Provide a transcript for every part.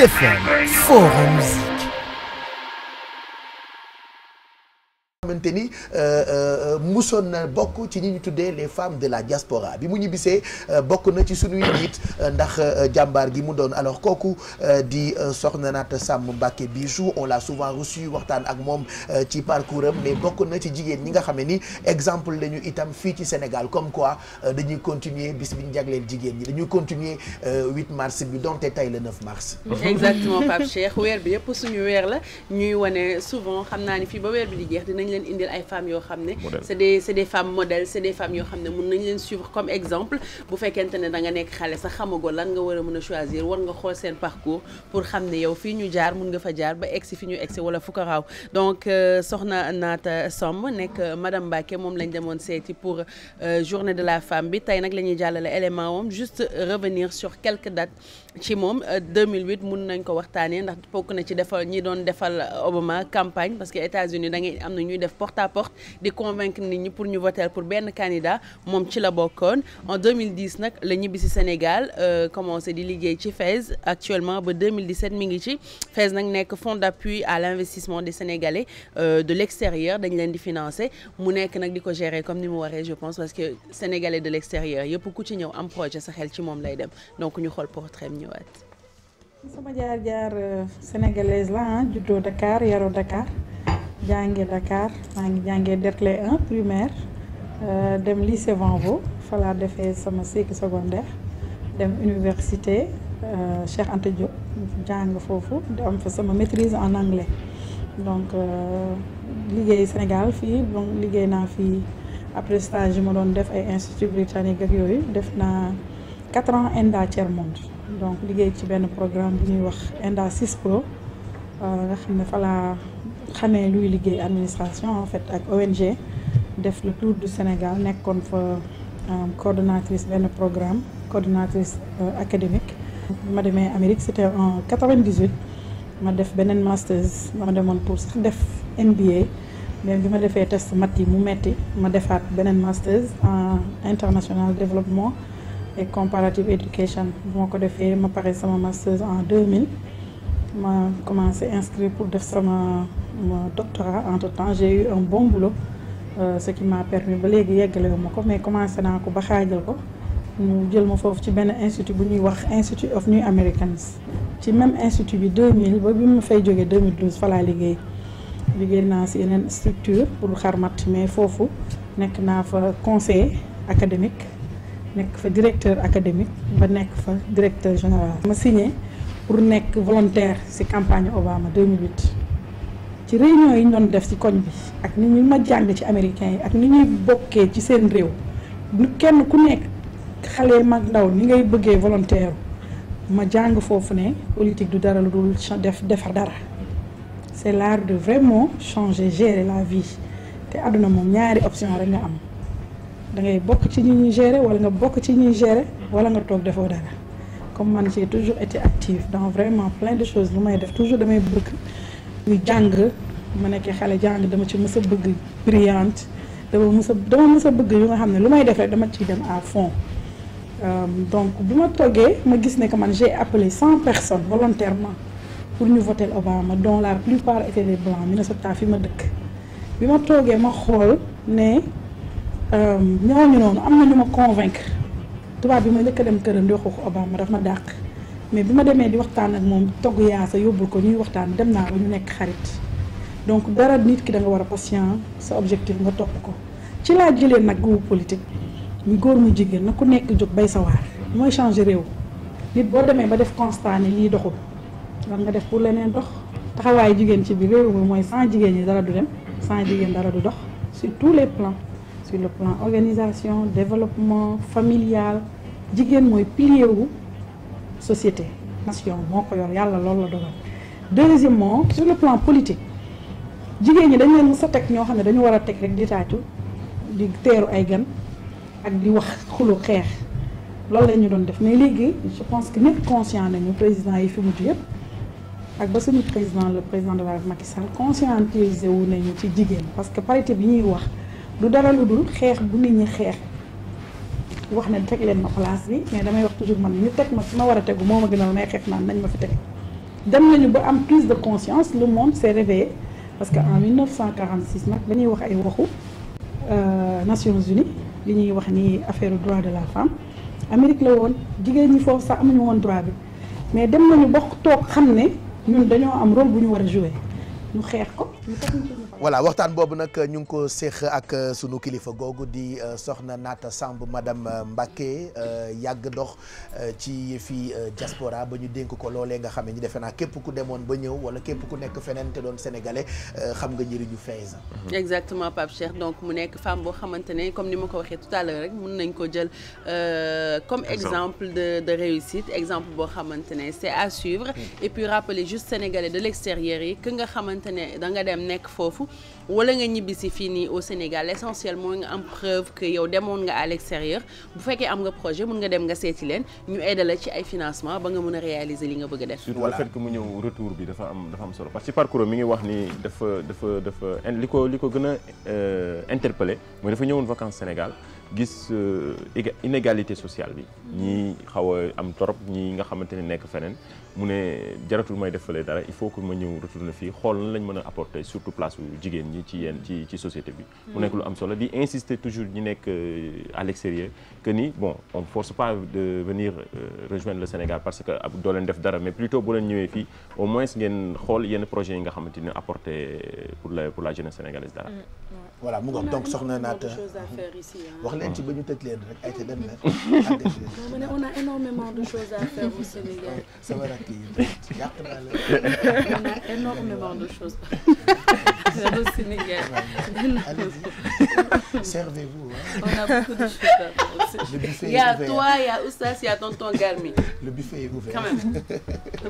BFM, Forum xamante ni euh, euh, musoon na bokk ci ñi ñu tuddee les femmes de la diaspora bi mu ñibbisee euh, bokk na ci suñuy njiit ndax jàmbaar gi mu doon alors kooku di soxna Naata Samb bi Bijou on l'a souvent reçu waxtaan ak moom ci parcours am mais bokk na ci jigéen ñi nga xam ne ni exemple la itam fii ci Sénégal comme quoi dañuy continuer bis bi ñu jigéen ñi dañuy continuer 8 mars bi donte tey le 9 mars. exactement Pape weer bi yëpp suñu weer la ñuy wane souvent xam naa ni leen indil ay femmes yoo xam ne c'est des c'est des c'est des femmes yoo xam ne mun nañ leen suivre comme exemple bu fekkente ne da nga nekk xale sax xamagoo lan nga war a mën a choisir war nga xool seen parcours pour xam ne yow fii ñu jaar mun nga fa jaar ba egsi fi ñu egsi wala fu ko raw donc euh, soxna Naata Somm nekk euh, madame Mbacké moom lañ demoon seeti pour euh, journée de la femme bi tey nag la ñuy jàllale élément moom juste revenir sur quelques dates ci moom 2008 mun nañ ko waxtaanee ndax bokk na ci defal ñi doon defal Obama def porte à porte di convaincre nit ñi pour ñu voter pour benn candidat moom ci la bokkoon en 2010 nag la ñibbi si Sénégal euh, commencé di liggéey ci FAISE actuellement ba 2017 mi ngi ci FAISE nag nekk fonds d'appui à l'investissement des Sénégalais euh, de l'extérieur dañ leen di financé mu nekk nag di ko gérer comme ni mu waree je pense parce que Sénégalais de l'extérieur yëpp ku ci ñëw am projet sa xel ci moom lay dem donc ñu xool portrait am ñëwaat. sama jaar jàngee Dakar maa ngi jàngee Derklé 1 primaire euh, dem lycée Vanvo fa laa defee sama cycle secondaire dem université euh, Cheikh Anta Diop jàng foofu di am fa sama maîtrise en anglais donc euh, liggéey Sénégal fii donc liggéey naa fii après stage yi ma doon def ay institut britannique ak yooyu def naa quatre ans ENDA tiers monde donc liggéey ci benn programme bi ñuy wax ENDA 6 pro nga xam ne fa xamee luy liggéey administration en fait ak ONG def la tour du Sénégal nekkoon fa euh, coordonnatrice benn programme coordonnatrice euh, académique ma demee Amérique c'était en 98 ma def beneen masters ma demoon pour sax def MBA mais bi ma defee test mat yi mu metti ma defaat beneen masters en international développement et comparative education bu ma ko defee ma pare sama masters en 2000 ma commencé inscrire pour def sama doctorat entre temps j'ai eu un bon boulot euh, ce qui m'a permis ba léegi yeggalewu ma ko mais commencé naa ko ba xaajal ko ñu jël ma foofu ci benn institut bu ñuy wax institut of New Americans ci même institut bi 2000 ba bi ma fay jógee 2012 fa laa liggéey liggéey naa si yeneen structure pour xarmat mais foofu nekk naa fa conseiller académique nekk fa directeur académique ba nekk fa directeur général ma signé pour nekk volontaire ci campagne Obama 2008 ci réunion yi ñu doon def ci koñ bi ak ni ñu ma jàng ci américains yi ak ni ñuy bokkee ci seen réew kenn ku nekk xale mag ndaw ni ngay bëggee volontaire ma jàng foofu ne politique du dara lu dul def defar dara c'est l'art de vraiment changer gérer la vie te àdduna moom ñaari option rek nga am da ngay bokk ci ñu ñuy gérer wala nga bokk ci ñuy gérer wala nga toog defoo dara comme man j'ai toujours été active dans vraiment plein de choses lu may def toujours damay bëgg ñu jàng ma nekkee xale jàng dama ci mës bëgg brillante dama mës a dama mës a bëgg yu nga xam ne lu may def rek dama ciy dem à fond euh, donc bu ma toggee ma gis ne que man j'ai appelé cent personnes volontairement pour ñu voter Obama dont la plupart étaient des blancs Minnesota fi ma dëkk bi ma toogee ma xool ne euh, ñooñu noonu am na ñu ma convaincre tubaab bi ma njëkk dem këram di wax ko Obama daf ma dàq mais bi ma demee di waxtaan ak moom togg yaasa yóbbul ko ñuy waxtaan dem naa ba ñu nekk xarit donc dara nit ki da war a patient sa objectif nga topp ko ci laa jëlee nag wu politique mu góor mu jigéen nag ku nekk jóg bay sa waar mooy changer réew nit boo demee ba def constat ne lii doxul war nga def pour leneen dox taxawaay jigéen ci biir réew mi mooy sans jigéen ñi dara du dem sans jigéen dara du dox sur tous les plans sur le plan organisation développement familial jigéen mooy pilier wu société nation moo ko yor yàlla loolu la doon dogal deuxièmement sur le plan politique jigéen ñi dañu leen mës a teg ñoo xam ne dañu war a teg rek di taatu di teeru ay gan ak di wax xulu xeex loolu la ñu doon def mais léegi je pense que ñëpp conscient nañu président yi fi mujj yëpp ak ba suñu président le président de la Macky Sall conscientisé wu nañu ci jigéen parce que parité bi ñuy wax du dara lu dul xeex bu nit ñi xeex wax ne teg leen ma place bi mais damay wax toujours man ñu teg ma fi ma war a tegu moo ma gënal may xeex naan nañ ma fi teg dem nañu ba am prise de conscience le monde s'est réveillé que en 1946 nag dañuy wax ay waxu euh, Nations Unies li ñuy wax ni affaire droit de la femme Amérique la woon jigéen ñi foofu sax amuñu woon droit bi mais dem nañu ba toog xam ne ñun dañoo am rôle bu ñu war a jouer ñu xeex ko voilà waxtaan boobu nag ñu ngi ko séq ak euh, sunu kilifa googu di euh, soxna Naata Samb madame euh, Mbacké yàgg dox ci fi diaspora ba ñu dénk ko loolee nga xam ne ñu defe naa képp ku demoon ba ñëw wala képp ku nekk feneen te doon sénégalais xam nga njëriñu Faiza. Mhm. exactement Pape Cheikh donc mu nekk femme boo xamante ne comme ni ma ko waxee tout à l'heure mun nañ ko jël comme exemple de de réussite exemple boo xamante ne c'est à suivre. Mhm. et puis rappeler juste sénégalais de yi que nga xamante ne da nga dem nekk foofu. wala nga ñibbi si fii nii au Sénégal l'essentiel mooy nga am preuve que yow demoon nga à bu fekkee am nga projet mun nga dem nga seeti leen ñu aide la ci ay financement ba nga mën a réaliser li nga bëgg def. surtout le fait que mu ñëw retour bi dafa am dafa am solo parce que parcours mi ngi wax ni dafa dafa dafa li ko li ko gën a euh, interpellé mooy dafa ñëwoon vacances Sénégal. gis euh, inégalité sociale bi ñii xaw am torop ñii nga xamante ne nekk feneen mu ne jaratul def defalee dara il faut que ma ñëw retourner fii xool lan lañ mën a apporter surtout place yu jigéen ñi ci yenn ci ci société bi mu nekk lu am solo di insister toujours ñi nekk euh, à l'extérieur que ni bon on force pas de venir euh, rejoindre le Sénégal parce que doo leen def dara mais plutôt bu leen ñëwee fii au moins ngeen xool yenn projet yi nga xamante ne apporter pour la pour la jeunesse sénégalaise dara mm, leen ci ba ñu tëj leen te a énormément de choses a énormément de choses à faire au Sénégal. allez-y a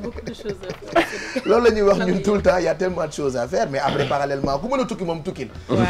beaucoup de choses à faire a toi de choses la ñuy wax ñun tout le temps y a tellement de choses à faire mais après parallèlement ku mën a tukki moom tukkil.